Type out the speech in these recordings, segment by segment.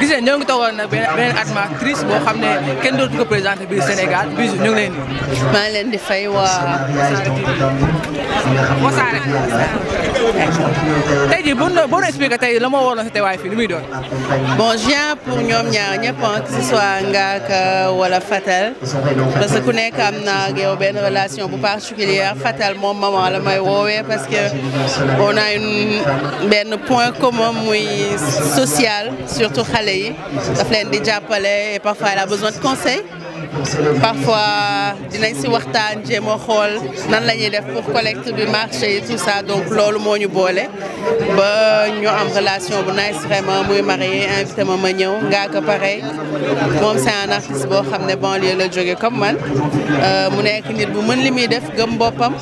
gis ngeen ñoo ngi toogoon nag beneen animatrice boo xam ne kenn dootu ko présenté biir Sénégal bisu ñu ngi leen di. maa ngi leen di fay waa Wassare tey jii boo boo expliqué tey la moo waroon sa teewaay fii lu muy doon. bon je viens pour ñoom ñaar ñëpp que ce soit Ngaaka euh, wala Fatal parce que ku nekk am na ak yow benn bu particulière Fatal moom maman la may woowee parce que on a une benn point commun muy social surtout. xale yi daf leen di jàppale et parfois elle a besoin de conseils parfois dinañ si waxtaan jéem a xool nan la ñuy def pour collecte du marché yi tout ça donc loolu moo ñu boole ba ñu am relation bu nice vraiment muy marié invité ma ma ñëw ngaa ko pareil moom c'est un boo xam ne banlieue la jóge comme man euh, mu nekk nit bu mën li muy def gëm boppam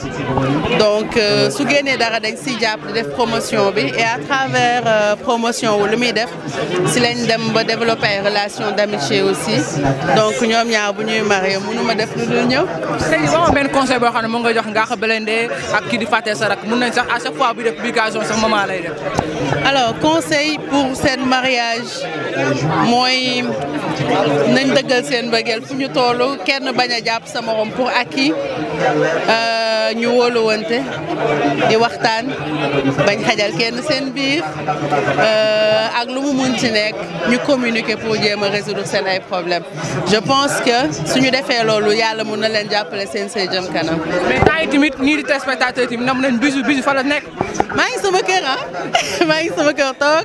donc euh, su génnee dara dañ si jàpp def promotion bi et à travers euh, promotion wu li muy def si lañ dem ba développer ay relation d'amitié aussi donc ñoom ñaar bu ñuy marié mënu ma def lu dul ñëw. tey jii waxoon benn conseil boo xam ne mu nga jox Ngaaka Blindé ak kii di Faté Sarak mun nañ sax à chaque fois bu def publication sax maman lay def. alors conseil pour seen mariage mooy nañ dëggal seen bëggeel fu ñu toll kenn bañ a jàpp sa morom pour acquis euh, ñu wóoluwante di waxtaan bañ xajal kenn seen biir euh, ak lu mu mun ci nekk ñu communiquer pour jéem a résoudre seen ay problème je pense que. su ñu defee loolu yàlla mun na leen jàppale seen say jëm kanam. mais temps yi tamit ñii di téléspectateur tamit nam nañ bisu bisu fa la nekk. maa ngi sama kër ah maa ngi sama kër toog.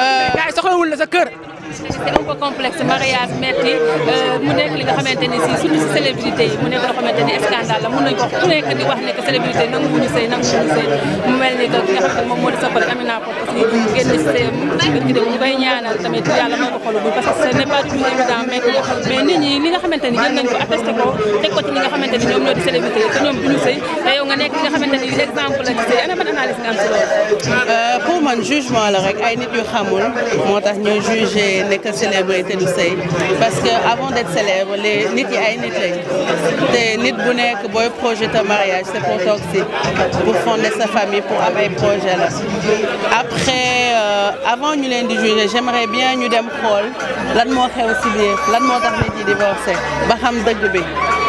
Euh, gars yi soxlawul la sa kër. c'est un peu complexe mariage euh, mu nekk li nga xamante ni si surtout si célébrité yi mu nekk loo xamante ni scandale la mun nañ ko ku nekk di wax ne que célébrité nanguwuñu sëy nanguwuñu sëy ni que ki i xam ne moom moo di sëppal Amina Poté aussi génn seen biir vidéo ñu koy ñaanal tamit yàlla may ko xolu bu parce que ce n'est pas tout évident mais mais nit ñi li nga xamante ni jël nañ ko attesté ko ko ci ñi nga la ci euh, man jugement la rek ay nit yu xamul moo tax ñu jugé nekk célébrité du sëy parce que avant d'être célèbre les nit yi ay nit lañ te nit bu nekk booy projet ta mariage c'est pour toog si pour fonder sa famille pour am projet la après euh, avant ñu leen di juger j'aimerais bien ñu dem xool lan moo xew si biir lan moo tax nit yi divorcé ba xam dëgg bi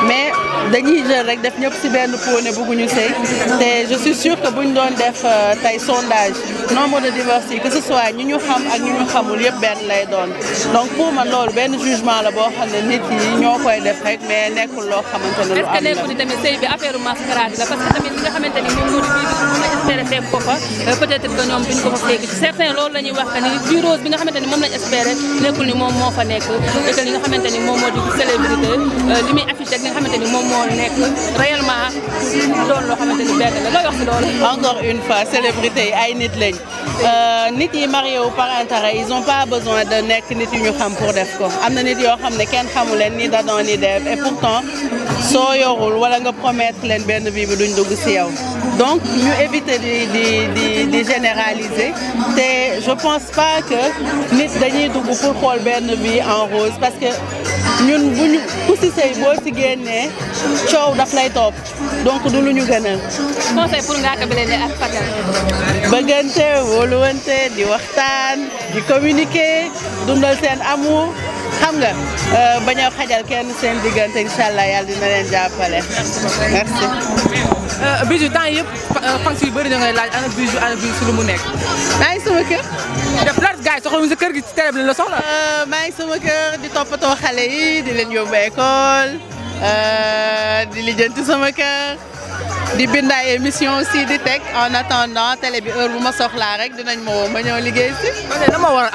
mais dañuy jël rek def ñëpp ci benn pot ne bëgguñu sëy te je suis sûre que buñ doon def euh, tey sondage nombre de divorce yi que ce soit ñu ñu xam ak ñu ñu xamul yëpp benn lay doon donc pour man loolu benn jugement la boo xam ne nit yi ñoo koy def rek mais nekkul loo xamante ne lu am la. est-ce que nekkul ni tamit sëy bi affaire mascarade la parce que tamit li nga xamante ni moom moo di biir mën a espérer fekk ko fa euh, peut-être que ñoom duñ ko fa fekk certains loolu la ñuy wax que ni virus bi nga xamante ni moom lañ espérer nekkul ni moom moo fa nekk et que li nga xamante ni moom moo di célébrité euh, li muy affiché ak li nga xamante ni moom moo nekk réellement doon loo xamante ni benn la looy wax si loolu. encore une fois célébrité yi ay nit lañ euh, nit yi marié wu par intérêt ils ont pas besoin de nekk nit yu ñu xam pour def ko am na nit yoo xam ne kenn xamu leen ni Dadan ni Dev et pourtant. soo yorul wala nga promettre leen benn vie bi duñ dugg si yow donc ñu éviter di di di di généraliser te je pense pas que nit dañuy dugg pour xool benn vie en rose parce que ñun bu ñu pusi sëy boo ci génnee coow daf lay topp donc du lu ñu gënal. conseil pour nga bëggante wóoluwante di waxtaan di communiquer dundal seen amour. xam nga euh, bañ a xajal kenn seen diggante incha allah yàlla di leen jàppale merci. Euh, Bijou temps yëpp euh, fans yu bëri na ngay laaj ana Bijou ana Bijou si lu mu nekk. maa ngi sama kër. def laaj gars yi soxla wuñ sa kër gi ci télé bi la soxla. maa ngi sama di toppatoo xale yi di leen yóbbu école di lijjanti sama kër di bind ay émission aussi di teg en attendant télé bu ma soxlaa rek dinañ ma woo ma ñëw liggéey si. ma ne ma waral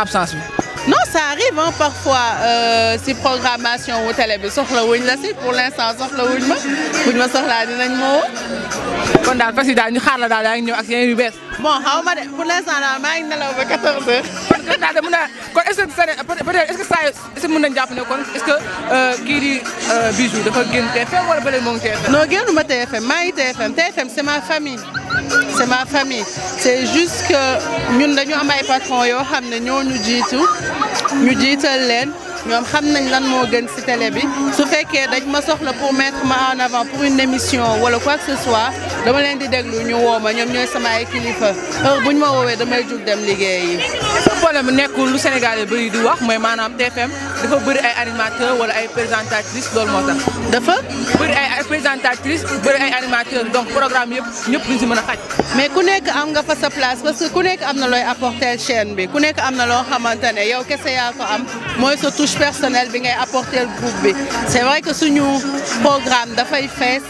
non sa arrive hein, parfois euh, si programmation wu télé bi soxla wuñ la si pour l' instant soxla wuñ ma buñ ma soxlaa dinañ ma woo. kon daal fas yi daal ñu xaar la daal yaa ngi ñëw ak yu bees. bon xaw ma de pour l' daal maa ngi nelaw ba 14 heures. kon daal de mën naa kon est ce que peut-être est ce que saa est ce que mën ne kon est ce que euh, di euh, Bijou dafa génn TFM wala bële moo ngi TFM. non génnuma TFM maa ngi TFM TFM c'est ma famille. c'est ma famille c'est juste que ñun dañu am ay patron yoo xam ne ñoo ñu jiitu ñu jiital leen ñoom xam nañ lan moo gën ci télé bi su fekkee dañ ma soxla pour mettre ma en avant pour une émission wala quoi que ce soit dama leen di déglu ñu woo ma ñoom ñooy sama ay kilifa heure bu ñu ma woowee damay jug dem liggéey liggéeyi. problème nekkul lu Sénégal yi bëri di wax mooy maanaam TFM dafa bëri ay animateur wala ay présentatrices loolu moo tax. dafa bëri ay animateur donc programme yëpp ñëpp duñ si mën a xaj. mais ku nekk am nga fa sa place parce que ku nekk am na looy apporter chaîne bi ku nekk am na loo xamante ne yow kese yaa ko am mooy sa touche personnel bi ngay apporter groupe bi c'est vrai que suñu programme dafay fees.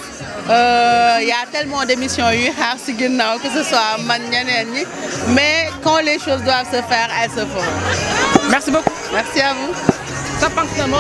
Euh, y a tellement d'émissions yuy xaar si ginnaaw que ce soit man ñeneen ñi mais quand les choses doivent se faire elles se font. merci beaucoup merci à vous.